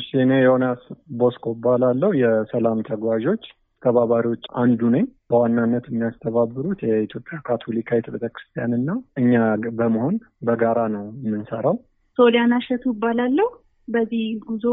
እሺ እኔ ዮናስ ቦስኮ እባላለሁ። የሰላም ተጓዦች ተባባሪዎች አንዱ ነኝ። በዋናነት የሚያስተባብሩት የኢትዮጵያ ካቶሊካዊት ቤተክርስቲያን እና እኛ በመሆን በጋራ ነው የምንሰራው። ሶሊያና ሸቱ እባላለሁ። በዚህ ጉዞ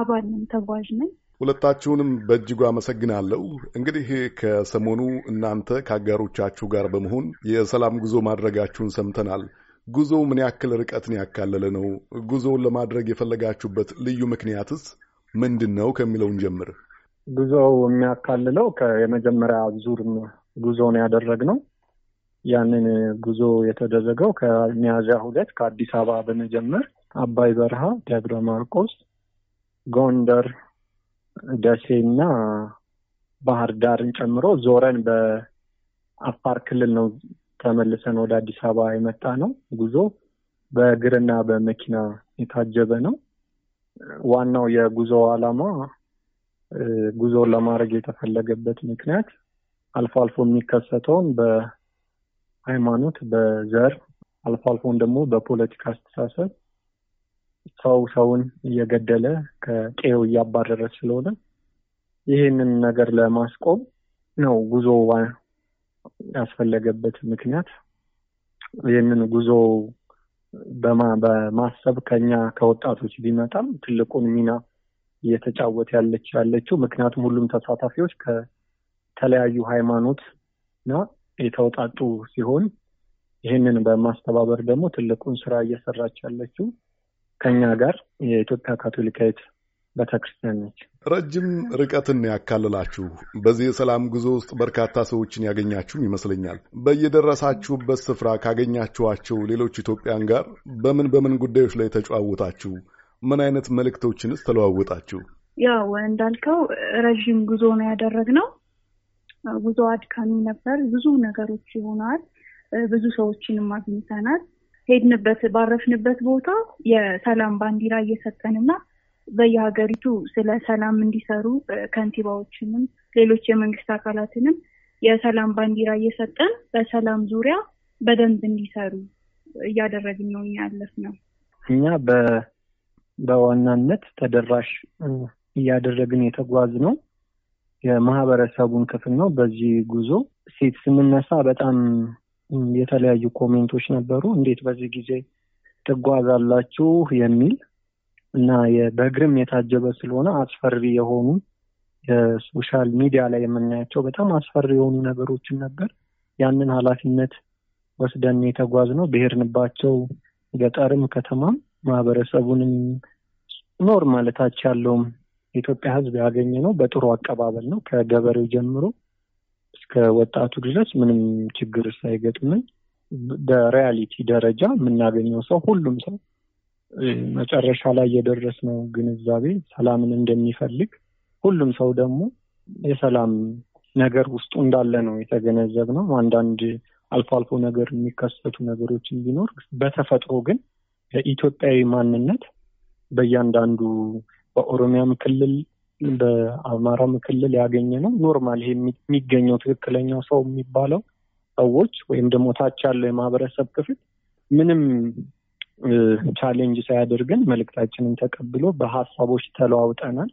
አባል ነኝ፣ ተጓዥ ነኝ። ሁለታችሁንም በእጅጉ አመሰግናለሁ። እንግዲህ ከሰሞኑ እናንተ ከአጋሮቻችሁ ጋር በመሆን የሰላም ጉዞ ማድረጋችሁን ሰምተናል። ጉዞ ምን ያክል ርቀትን ያካለለ ነው? ጉዞውን ለማድረግ የፈለጋችሁበት ልዩ ምክንያትስ ምንድን ነው ከሚለውን ጀምር። ጉዞው የሚያካልለው የመጀመሪያ ዙር ጉዞ ነው ነው። ያንን ጉዞ የተደረገው ከሚያዝያ ሁለት ከአዲስ አበባ በመጀመር አባይ በረሃ፣ ደብረ ማርቆስ፣ ጎንደር፣ ደሴ እና ባህር ዳርን ጨምሮ ዞረን በአፋር ክልል ነው ተመልሰን ወደ አዲስ አበባ የመጣ ነው። ጉዞ በእግርና በመኪና የታጀበ ነው። ዋናው የጉዞ ዓላማ ጉዞ ለማድረግ የተፈለገበት ምክንያት አልፎ አልፎ የሚከሰተውን በሃይማኖት፣ በዘር አልፎ አልፎን ደግሞ በፖለቲካ አስተሳሰብ ሰው ሰውን እየገደለ ከቄው እያባረረ ስለሆነ ይህንን ነገር ለማስቆም ነው ጉዞ ያስፈለገበት ምክንያት ይህንን ጉዞ በማሰብ ከኛ ከወጣቶች ቢመጣም ትልቁን ሚና እየተጫወት ያለች ያለችው ምክንያቱም ሁሉም ተሳታፊዎች ከተለያዩ ሃይማኖት እና የተወጣጡ ሲሆን ይህንን በማስተባበር ደግሞ ትልቁን ስራ እየሰራች ያለችው ከኛ ጋር የኢትዮጵያ ካቶሊካዊት ቤተክርስቲያን ነች። ረጅም ርቀትን ያካልላችሁ በዚህ የሰላም ጉዞ ውስጥ በርካታ ሰዎችን ያገኛችሁም ይመስለኛል። በየደረሳችሁበት ስፍራ ካገኛችኋቸው ሌሎች ኢትዮጵያን ጋር በምን በምን ጉዳዮች ላይ ተጨዋወታችሁ? ምን አይነት መልእክቶችንስ ተለዋወጣችሁ? ያው እንዳልከው ረዥም ጉዞ ነው ያደረግነው። ጉዞ አድካሚ ነበር። ብዙ ነገሮች ይሆናል። ብዙ ሰዎችንም አግኝተናል። ሄድንበት ባረፍንበት ቦታ የሰላም ባንዲራ እየሰጠንና በየሀገሪቱ ስለ ሰላም እንዲሰሩ ከንቲባዎችንም ሌሎች የመንግስት አካላትንም የሰላም ባንዲራ እየሰጠን በሰላም ዙሪያ በደንብ እንዲሰሩ እያደረግን ነው ያለፍ ነው። እኛ በዋናነት ተደራሽ እያደረግን የተጓዝ ነው የማህበረሰቡን ክፍል ነው። በዚህ ጉዞ ሴት ስንነሳ በጣም የተለያዩ ኮሜንቶች ነበሩ። እንዴት በዚህ ጊዜ ትጓዛላችሁ የሚል እና በእግርም የታጀበ ስለሆነ አስፈሪ የሆኑ የሶሻል ሚዲያ ላይ የምናያቸው በጣም አስፈሪ የሆኑ ነገሮችን ነበር። ያንን ኃላፊነት ወስደን የተጓዝ ነው። ብሄርንባቸው ገጠርም ከተማም ማህበረሰቡንም ኖር ማለታች ያለውም የኢትዮጵያ ሕዝብ ያገኘ ነው በጥሩ አቀባበል ነው። ከገበሬው ጀምሮ እስከ ወጣቱ ድረስ ምንም ችግር ሳይገጥምን በሪያሊቲ ደረጃ የምናገኘው ሰው ሁሉም ሰው መጨረሻ ላይ የደረስነው ግንዛቤ ሰላምን እንደሚፈልግ ሁሉም ሰው ደግሞ የሰላም ነገር ውስጡ እንዳለ ነው የተገነዘብነው። አንዳንድ አልፎ አልፎ ነገር የሚከሰቱ ነገሮችን ቢኖር በተፈጥሮ ግን የኢትዮጵያዊ ማንነት በእያንዳንዱ በኦሮሚያም ክልል በአማራም ክልል ያገኘ ነው። ኖርማል ይሄ የሚገኘው ትክክለኛው ሰው የሚባለው ሰዎች ወይም ደግሞ ታች ያለው የማህበረሰብ ክፍል ምንም ቻሌንጅ ሳያደርገን መልእክታችንን ተቀብሎ በሀሳቦች ተለዋውጠናል።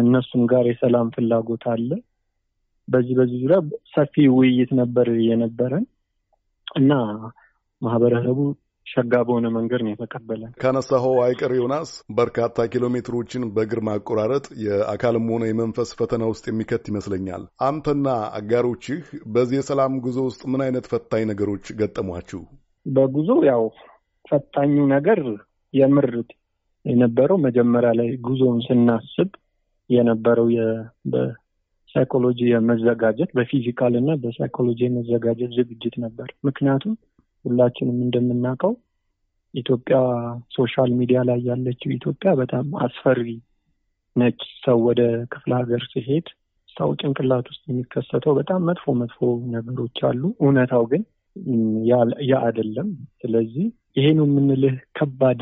እነሱም ጋር የሰላም ፍላጎት አለ። በዚህ በዚህ ዙሪያ ሰፊ ውይይት ነበር የነበረን እና ማህበረሰቡ ሸጋ በሆነ መንገድ ነው የተቀበለን። ካነሳኸው አይቀር ዮናስ፣ በርካታ ኪሎሜትሮችን በእግር ማቆራረጥ የአካልም ሆነ የመንፈስ ፈተና ውስጥ የሚከት ይመስለኛል። አንተና አጋሮችህ በዚህ የሰላም ጉዞ ውስጥ ምን አይነት ፈታኝ ነገሮች ገጠሟችሁ? በጉዞ ያው ፈታኙ ነገር የምር የነበረው መጀመሪያ ላይ ጉዞውን ስናስብ የነበረው በሳይኮሎጂ የመዘጋጀት በፊዚካል እና በሳይኮሎጂ የመዘጋጀት ዝግጅት ነበር። ምክንያቱም ሁላችንም እንደምናውቀው ኢትዮጵያ ሶሻል ሚዲያ ላይ ያለችው ኢትዮጵያ በጣም አስፈሪ ነች። ሰው ወደ ክፍለ ሀገር ሲሄድ ሰው ጭንቅላት ውስጥ የሚከሰተው በጣም መጥፎ መጥፎ ነገሮች አሉ። እውነታው ግን ያ አይደለም። ስለዚህ ይሄ ነው የምንልህ ከባድ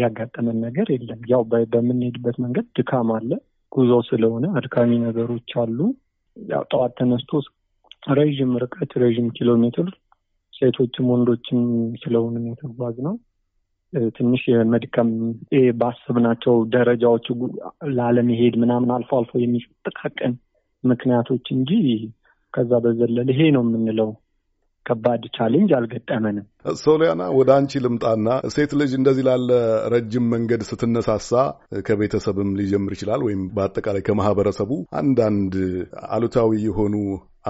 ያጋጠመን ነገር የለም። ያው በምንሄድበት መንገድ ድካም አለ። ጉዞ ስለሆነ አድካሚ ነገሮች አሉ። ያው ጠዋት ተነስቶ ረዥም ርቀት ረዥም ኪሎ ሜትር ሴቶችም ወንዶችም ስለሆነ የተጓዝ ነው። ትንሽ የመድከም ባስብናቸው ደረጃዎች ላለመሄድ ምናምን አልፎ አልፎ የሚጠቃቀን ምክንያቶች እንጂ ከዛ በዘለል ይሄ ነው የምንለው ከባድ ቻሌንጅ አልገጠመንም። ሶሊያና ወደ አንቺ ልምጣና ሴት ልጅ እንደዚህ ላለ ረጅም መንገድ ስትነሳሳ ከቤተሰብም ሊጀምር ይችላል ወይም በአጠቃላይ ከማህበረሰቡ አንዳንድ አሉታዊ የሆኑ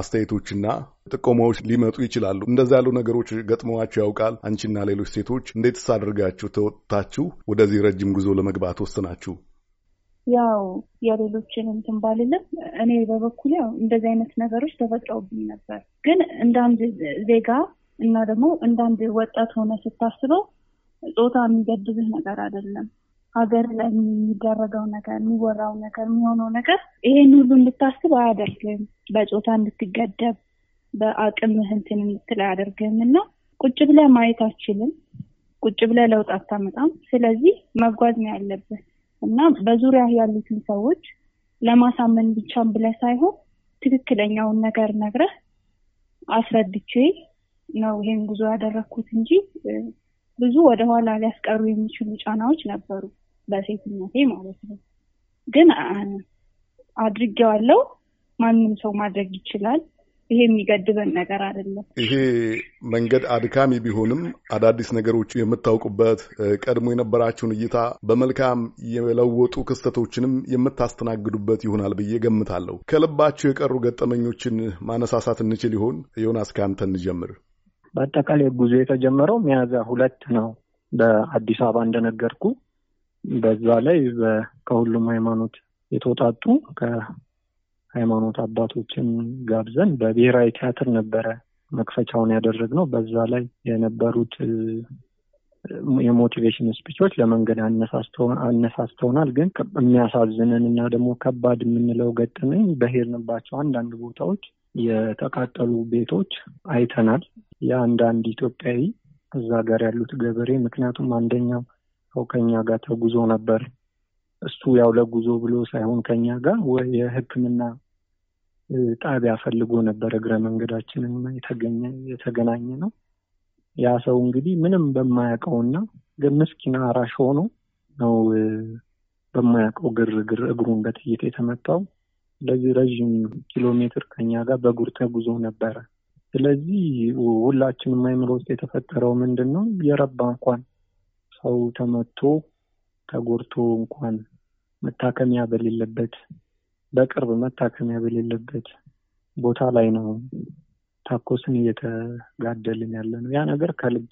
አስተያየቶችና ጥቆማዎች ሊመጡ ይችላሉ። እንደዚ ያሉ ነገሮች ገጥመዋችሁ ያውቃል? አንቺና ሌሎች ሴቶች እንዴትስ አድርጋችሁ ተወጥታችሁ ወደዚህ ረጅም ጉዞ ለመግባት ወስናችሁ? ያው የሌሎችን እንትን ባልልም እኔ በበኩል ያው እንደዚህ አይነት ነገሮች ተፈጥረውብኝ ነበር። ግን እንዳንድ ዜጋ እና ደግሞ እንዳንድ ወጣት ሆነ ስታስበው ጾታ የሚገድብህ ነገር አይደለም። ሀገር ላይ የሚደረገው ነገር፣ የሚወራው ነገር፣ የሚሆነው ነገር ይሄን ሁሉ እንድታስብ አያደርግም። በጾታ እንድትገደብ በአቅምህ እንትን እንድትል አያደርግም እና ቁጭ ብለህ ማየት አችልም። ቁጭ ብለህ ለውጥ አታመጣም። ስለዚህ መጓዝ ነው ያለብህ። እና በዙሪያ ያሉትን ሰዎች ለማሳመን ብቻም ብለህ ሳይሆን ትክክለኛውን ነገር ነግረህ አስረድቼ ነው ይሄን ጉዞ ያደረግኩት እንጂ ብዙ ወደኋላ ሊያስቀሩ የሚችሉ ጫናዎች ነበሩ፣ በሴትነቴ ማለት ነው። ግን አድርጌዋለሁ። ማንም ሰው ማድረግ ይችላል። ይሄ የሚገድበን ነገር አይደለም። ይሄ መንገድ አድካሚ ቢሆንም አዳዲስ ነገሮች የምታውቁበት ቀድሞ የነበራችሁን እይታ በመልካም የለወጡ ክስተቶችንም የምታስተናግዱበት ይሆናል ብዬ ገምታለሁ። ከልባችሁ የቀሩ ገጠመኞችን ማነሳሳት እንችል ይሆን? ዮናስ ከአንተ እንጀምር። በአጠቃላይ ጉዞ የተጀመረው ሚያዝያ ሁለት ነው በአዲስ አበባ እንደነገርኩ። በዛ ላይ ከሁሉም ሃይማኖት የተውጣጡ ሃይማኖት አባቶችን ጋብዘን በብሔራዊ ቲያትር ነበረ መክፈቻውን ያደረግነው። በዛ ላይ የነበሩት የሞቲቬሽን ስፒቾች ለመንገድ አነሳስተውናል። ግን የሚያሳዝነን እና ደግሞ ከባድ የምንለው ገጠመኝ በሄድንባቸው አንዳንድ ቦታዎች የተቃጠሉ ቤቶች አይተናል። የአንዳንድ ኢትዮጵያዊ እዛ ጋር ያሉት ገበሬ ምክንያቱም አንደኛው ሰው ከኛ ጋር ተጉዞ ነበር እሱ ያው ለጉዞ ብሎ ሳይሆን ከኛ ጋር የሕክምና ጣቢያ ፈልጎ ነበር እግረ መንገዳችንን የተገናኘ ነው። ያ ሰው እንግዲህ ምንም በማያውቀውና ምስኪና አራሽ ሆኖ ነው በማያውቀው ግርግር እግሩን በጥይት የተመታው። ስለዚህ ረዥም ኪሎ ሜትር ከኛ ጋር በእግር ተጉዞ ነበረ። ስለዚህ ሁላችንም አይምሮ ውስጥ የተፈጠረው ምንድን ነው የረባ እንኳን ሰው ተመቶ ተጎድቶ እንኳን መታከሚያ በሌለበት በቅርብ መታከሚያ በሌለበት ቦታ ላይ ነው ታኮስን እየተጋደልን ያለ ነው። ያ ነገር ከልብ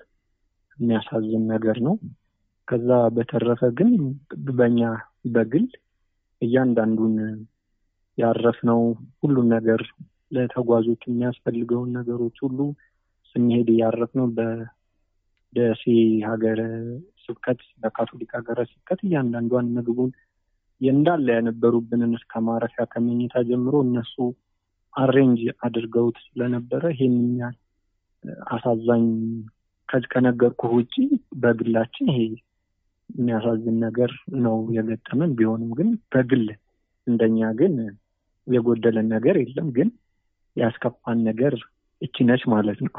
የሚያሳዝን ነገር ነው። ከዛ በተረፈ ግን በኛ በግል እያንዳንዱን ያረፍነው ሁሉን ነገር ለተጓዦች የሚያስፈልገውን ነገሮች ሁሉ ስንሄድ እያረፍነው ደሴ ሀገረ ስብከት በካቶሊክ ሀገረ ስብከት እያንዳንዷን ምግቡን እንዳለ ያነበሩብንን እስከ ማረፊያ ከመኝታ ጀምሮ እነሱ አሬንጅ አድርገውት ስለነበረ ይሄንን ያህል አሳዛኝ ከነገርኩ ውጪ በግላችን ይሄ የሚያሳዝን ነገር ነው የገጠመን። ቢሆንም ግን በግል እንደኛ ግን የጎደለን ነገር የለም። ግን ያስከፋን ነገር ነች ማለት ነው።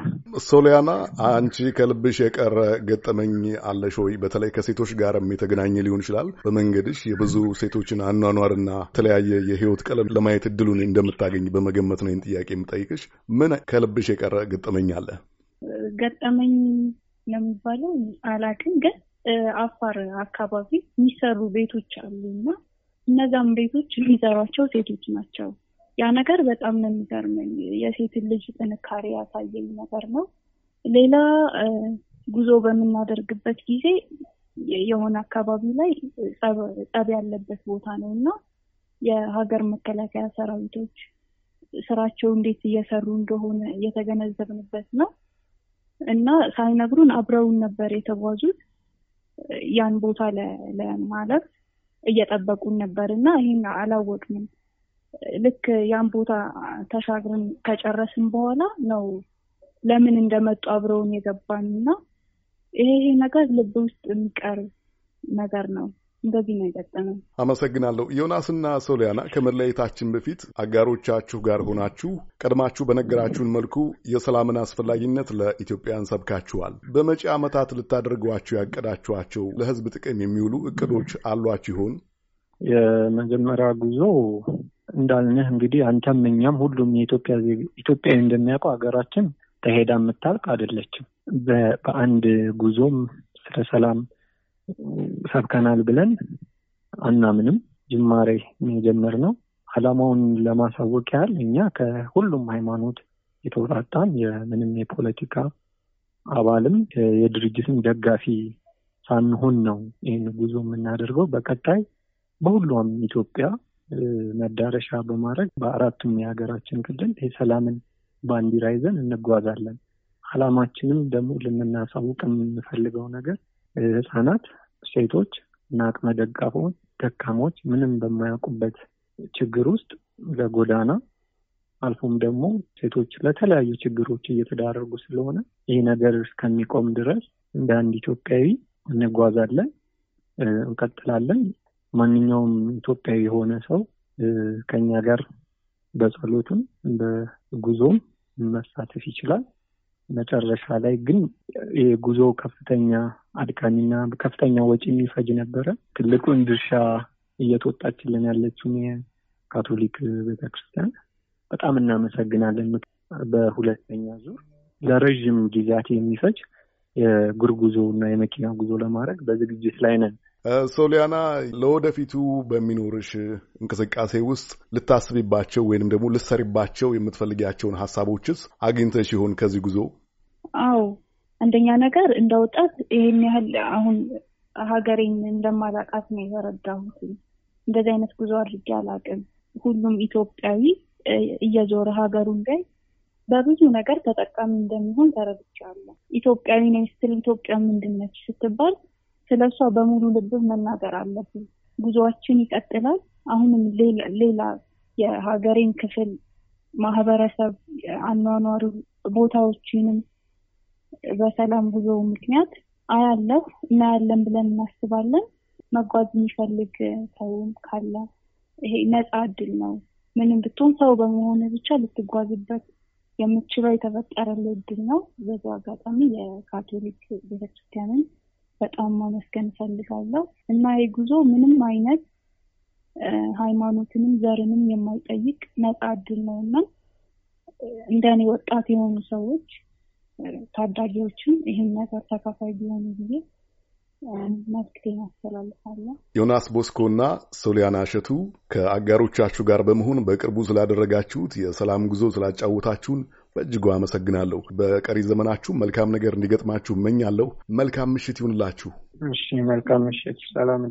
ሶሊያና አንቺ ከልብሽ የቀረ ገጠመኝ አለሽ ወይ? በተለይ ከሴቶች ጋርም የተገናኘ ሊሆን ይችላል። በመንገድሽ የብዙ ሴቶችን አኗኗርና የተለያየ የህይወት ቀለም ለማየት እድሉን እንደምታገኝ በመገመት ነው ጥያቄ የምጠይቅሽ። ምን ከልብሽ የቀረ ገጠመኝ አለ? ገጠመኝ ለሚባለው አላውቅም፣ ግን አፋር አካባቢ የሚሰሩ ቤቶች አሉ እና እነዛም ቤቶች የሚሰሯቸው ሴቶች ናቸው ያ ነገር በጣም ነው የሚገርመኝ። የሴትን ልጅ ጥንካሬ ያሳየኝ ነገር ነው። ሌላ ጉዞ በምናደርግበት ጊዜ የሆነ አካባቢ ላይ ጸብ ያለበት ቦታ ነው እና የሀገር መከላከያ ሰራዊቶች ስራቸው እንዴት እየሰሩ እንደሆነ እየተገነዘብንበት ነው እና ሳይነግሩን አብረውን ነበር የተጓዙት። ያን ቦታ ለማለፍ እየጠበቁን ነበር እና ይህን አላወቅንም። ልክ ያን ቦታ ተሻግረን ከጨረስን በኋላ ነው ለምን እንደመጡ አብረውን የገባን እና ይሄ ነገር ልብ ውስጥ የሚቀር ነገር ነው። እንደዚህ ነው የገጠመው። አመሰግናለሁ። ዮናስና ሶሊያና ከመለየታችን በፊት አጋሮቻችሁ ጋር ሆናችሁ ቀድማችሁ በነገራችሁን መልኩ የሰላምን አስፈላጊነት ለኢትዮጵያን ሰብካችኋል። በመጪ ዓመታት ልታደርጓቸው ያቀዳችኋቸው ለሕዝብ ጥቅም የሚውሉ እቅዶች አሏችሁ ይሆን? የመጀመሪያ ጉዞ እንዳልንህ እንግዲህ አንተም እኛም ሁሉም የኢትዮጵያ ኢትዮጵያዊ እንደሚያውቀው ሀገራችን ተሄዳ የምታልቅ አይደለችም። በአንድ ጉዞም ስለ ሰላም ሰብከናል ብለን አናምንም። ጅማሬ የጀመር ነው። አላማውን ለማሳወቅ ያህል እኛ ከሁሉም ሃይማኖት የተውጣጣን የምንም የፖለቲካ አባልም የድርጅትም ደጋፊ ሳንሆን ነው ይህን ጉዞ የምናደርገው። በቀጣይ በሁሉም ኢትዮጵያ መዳረሻ በማድረግ በአራቱም የሀገራችን ክልል የሰላምን ባንዲራ ይዘን እንጓዛለን። አላማችንም ደግሞ ልናሳውቅ የምንፈልገው ነገር ህጻናት፣ ሴቶች እና አቅመ ደጋፎች ደካሞች ምንም በማያውቁበት ችግር ውስጥ ለጎዳና አልፎም ደግሞ ሴቶች ለተለያዩ ችግሮች እየተዳረጉ ስለሆነ ይህ ነገር እስከሚቆም ድረስ እንደ አንድ ኢትዮጵያዊ እንጓዛለን፣ እንቀጥላለን። ማንኛውም ኢትዮጵያዊ የሆነ ሰው ከኛ ጋር በጸሎትም በጉዞም መሳተፍ ይችላል። መጨረሻ ላይ ግን የጉዞ ከፍተኛ አድካሚና ከፍተኛ ወጪ የሚፈጅ ነበረ። ትልቁን ድርሻ እየተወጣችልን ያለችውን የካቶሊክ ቤተክርስቲያን በጣም እናመሰግናለን። በሁለተኛ ዙር ለረዥም ጊዜያት የሚፈጅ የእግር ጉዞ እና የመኪና ጉዞ ለማድረግ በዝግጅት ላይ ነን። ሶሊያና ለወደፊቱ በሚኖርሽ እንቅስቃሴ ውስጥ ልታስቢባቸው ወይንም ደግሞ ልሰሪባቸው የምትፈልጊያቸውን ሀሳቦችስ አግኝተሽ ይሆን ከዚህ ጉዞ? አዎ አንደኛ ነገር እንደ ወጣት ይህን ያህል አሁን ሀገሬን እንደማላቃት ነው የተረዳሁት። እንደዚህ አይነት ጉዞ አድርጌ አላቅም። ሁሉም ኢትዮጵያዊ እየዞረ ሀገሩን ላይ በብዙ ነገር ተጠቃሚ እንደሚሆን ተረድቻለሁ። ኢትዮጵያዊ ነኝ ስትል ኢትዮጵያ ምንድን ነች ስትባል ስለ እሷ በሙሉ ልብብ መናገር አለብን። ጉዞአችን ይቀጥላል። አሁንም ሌላ የሀገሬን ክፍል ማህበረሰብ፣ አኗኗሪ ቦታዎችንም በሰላም ጉዞ ምክንያት አያለሁ እናያለን ብለን እናስባለን። መጓዝ የሚፈልግ ሰውም ካለ ይሄ ነፃ እድል ነው። ምንም ብትሆን ሰው በመሆን ብቻ ልትጓዝበት የምችለው የተፈጠረልህ እድል ነው። በዚ አጋጣሚ የካቶሊክ ቤተክርስቲያንን በጣም ማመስገን እፈልጋለሁ እና ይህ ጉዞ ምንም አይነት ሃይማኖትንም ዘርንም የማይጠይቅ ነጻ እድል ነው እና እንደ እኔ ወጣት የሆኑ ሰዎች ታዳጊዎችም ይህን ነገር ተካፋይ ቢሆኑ ጊዜ መልክቴን አስተላልፋለሁ። ዮናስ ሶሊያና እሸቱ ከአጋሮቻችሁ ጋር በመሆን በቅርቡ ስላደረጋችሁት የሰላም ጉዞ ስላጫወታችሁን በእጅጉ አመሰግናለሁ። በቀሪ ዘመናችሁ መልካም ነገር እንዲገጥማችሁ እመኛለሁ። መልካም ምሽት ይሁንላችሁ። እሺ፣ መልካም ምሽት። ሰላም።